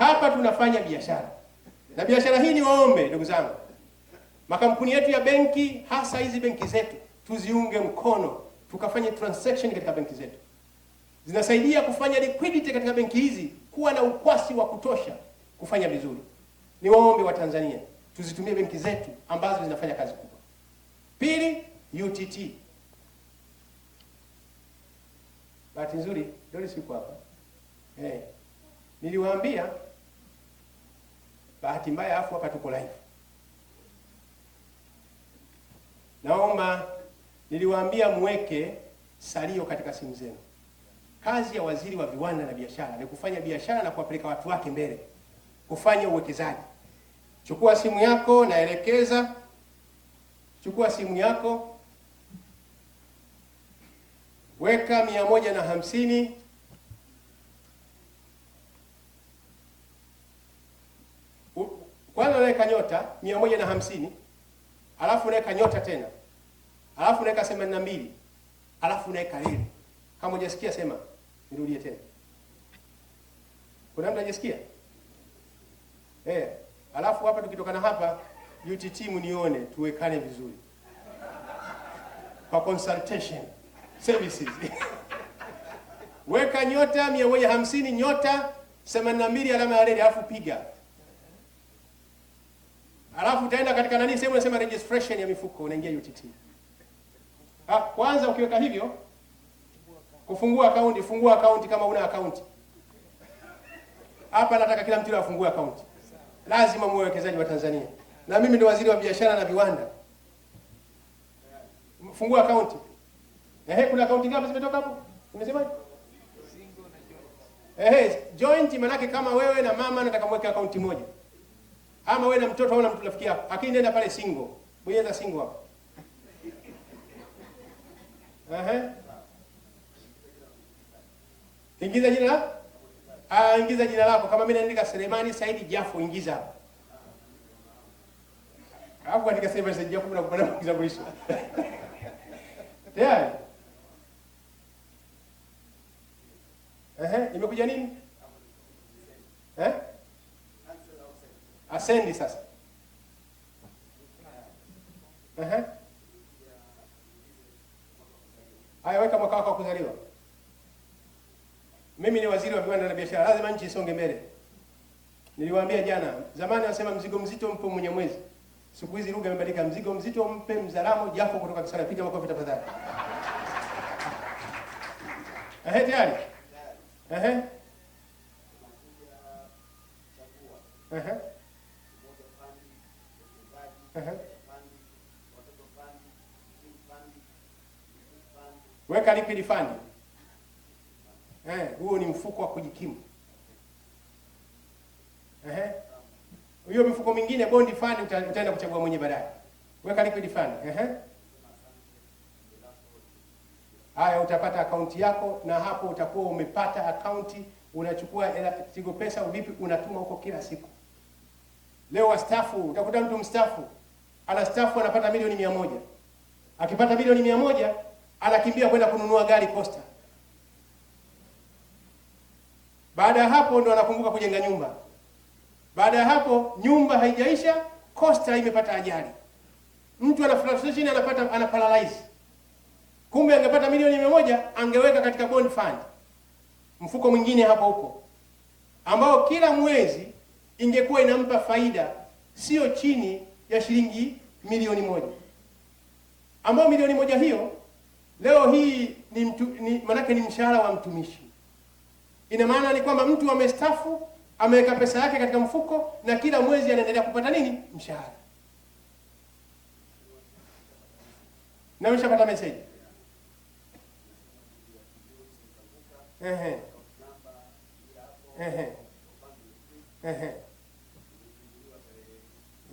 hapa tunafanya biashara, na biashara hii ni waombe ndugu zangu, makampuni yetu ya benki, hasa hizi benki zetu tuziunge mkono, tukafanye transaction katika benki zetu. Zinasaidia kufanya liquidity katika benki hizi kuwa na ukwasi wa kutosha kufanya vizuri. Ni waombe wa Tanzania tuzitumie benki zetu ambazo zinafanya kazi kubwa. Pili, UTT. Bahati nzuri Doris yuko hapa. Hey. Niliwaambia bahati mbaya, afu hapa tuko live. Naomba, niliwaambia muweke salio katika simu zenu. Kazi ya waziri wa viwanda na biashara ni kufanya biashara na kuwapeleka watu wake mbele, kufanya uwekezaji. Chukua simu yako, naelekeza. Chukua simu yako, weka mia moja na hamsini. unaweka nyota mia moja na hamsini alafu unaweka nyota tena alafu unaweka themanini na mbili alafu unaweka lile. Kama hujasikia sema, nirudie tena. Kuna mtu Eh, alafu hapa tukitokana hapa UTT mnione tuwekane vizuri kwa consultation services weka nyota mia moja hamsini nyota themanini na mbili alama ya reli alafu piga Alafu utaenda katika nani sehemu inasema registration ya mifuko unaingia UTT. Ah, kwanza ukiweka hivyo kufungua account, fungua account kama una akaunti. Hapa nataka kila mtu afungue akaunti. Lazima muwe wa Tanzania. Na mimi ni waziri wa biashara na viwanda. Fungua account. Ehe, kuna account ngapi zimetoka hapo? joint. Ehe, joint maana kama wewe na mama nataka mweke akaunti moja ama wewe na mtoto au na mtu rafiki yako, lakini nenda pale single, bonyeza single hapo. Ehe, ingiza jina, ah, ingiza jina lako. Kama mimi naandika Selemani Saidi jafu ingiza hapo, alafu andika Selemani Saidi Jafo na kupanda kuingiza kitambulisho tayari. eh Ehe, imekuja nini eh? Asendi sasa. Ehe. Haya, weka mwaka wako wa kuzaliwa. Mimi ni waziri wa viwanda na biashara, lazima nchi isonge mbele. Niliwaambia jana, zamani wasema mzigo mzito mpe mwenye mwezi. Siku hizi lugha imebadilika, mzigo mzito mpe mzalamo japo kutoka Kisara. Piga makofi tafadhali. Ehe, tayari. Ehe. Ehe. Ehe. Weka lipi lifani Eh, huo ni mfuko wa kujikimu. Ehe. Hiyo mifuko mingine bondi fani utaenda kuchagua mwenye baadaye. Weka liquid fund. Haya, utapata akaunti yako na hapo utakuwa umepata akaunti, unachukua hela Tigo Pesa vipi unatuma huko kila siku. Leo wastafu utakuta mtu mstafu anastaafu anapata milioni mia moja. Akipata milioni mia moja anakimbia kwenda kununua gari posta Baada ya hapo ndo anakumbuka kujenga nyumba. Baada ya hapo nyumba haijaisha, kosta imepata ajali. Mtu ana frustration, anapata ana paralyze. Kumbe angepata milioni mia moja angeweka katika bond fund, mfuko mwingine hapo huko, ambao kila mwezi ingekuwa inampa faida sio chini ya shilingi milioni moja ambao milioni moja hiyo leo hii ni mtu, ni manake ni mshahara wa mtumishi. Ina maana ni kwamba mtu amestafu ameweka pesa yake katika mfuko na kila mwezi anaendelea kupata nini? Mshahara. Na mshapata message. Ehe. Ehe. Ehe.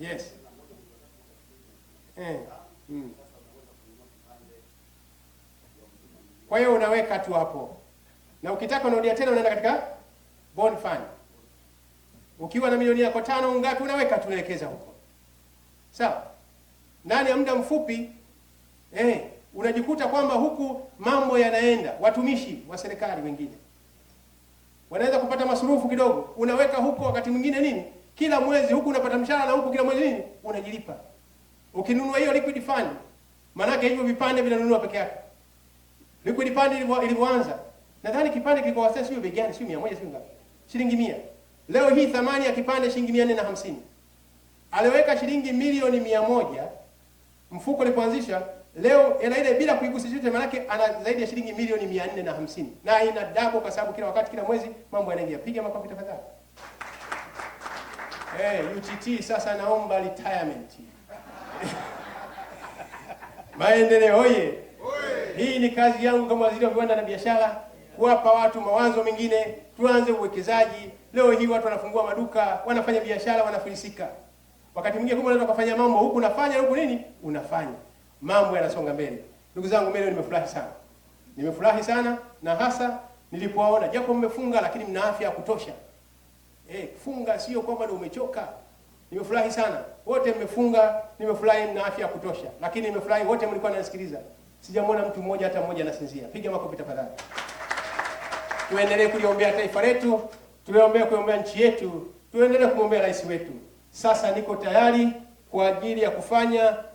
Yes eh. Mm. Kwa hiyo unaweka tu hapo, na ukitaka unarudia tena, unaenda katika bond fund. Ukiwa na milioni yako tano ngapi, unaweka tu, unaelekeza huko, sawa. Ndani ya muda mfupi eh, unajikuta kwamba huku mambo yanaenda. Watumishi wa serikali wengine wanaweza kupata masurufu kidogo, unaweka huko, wakati mwingine nini, kila mwezi huku unapata mshahara na huku kila mwezi nini unajilipa. Ukinunua hiyo liquid fund, maanake hivyo vipande vinanunua peke yake. Liquid fund ilivyoanza, nadhani kipande kilikuwa sasa sio bei gani, sio 100 sio ngapi? Shilingi 100. Leo hii thamani ya kipande shilingi 450. Aliweka shilingi milioni 100 mfuko ulipoanzisha, leo hela ile bila kuigusa chochote, maanake ana zaidi ya shilingi milioni 450 na ina double kwa sababu kila wakati kila mwezi mambo yanaingia. Piga makofi tafadhali. Eh, hey, UTT sasa naomba retirement. Maendeleo oye! Hii ni kazi yangu kama waziri wa viwanda na biashara, kuwapa watu mawazo mengine, tuanze uwekezaji. Leo hii watu wanafungua maduka, wanafanya biashara, wanafilisika. Wakati mwingine kumbe unaweza kufanya mambo huku unafanya huku nini unafanya, mambo yanasonga mbele. Ndugu zangu, mimi nimefurahi sana, nimefurahi sana na hasa nilipowaona, japo mmefunga, lakini mna afya ya kutosha. Eh, funga sio kwamba ndio umechoka. Nimefurahi sana wote mmefunga, nimefurahi mna afya ya kutosha, lakini nimefurahi wote mlikuwa nasikiliza Sijamwona mtu mmoja hata mmoja anasinzia. Piga makofi tafadhali. Tuendelee kuliombea taifa letu, tuliombea kuombea nchi yetu, tuendelee kumwombea rais wetu. Sasa niko tayari kwa ajili ya kufanya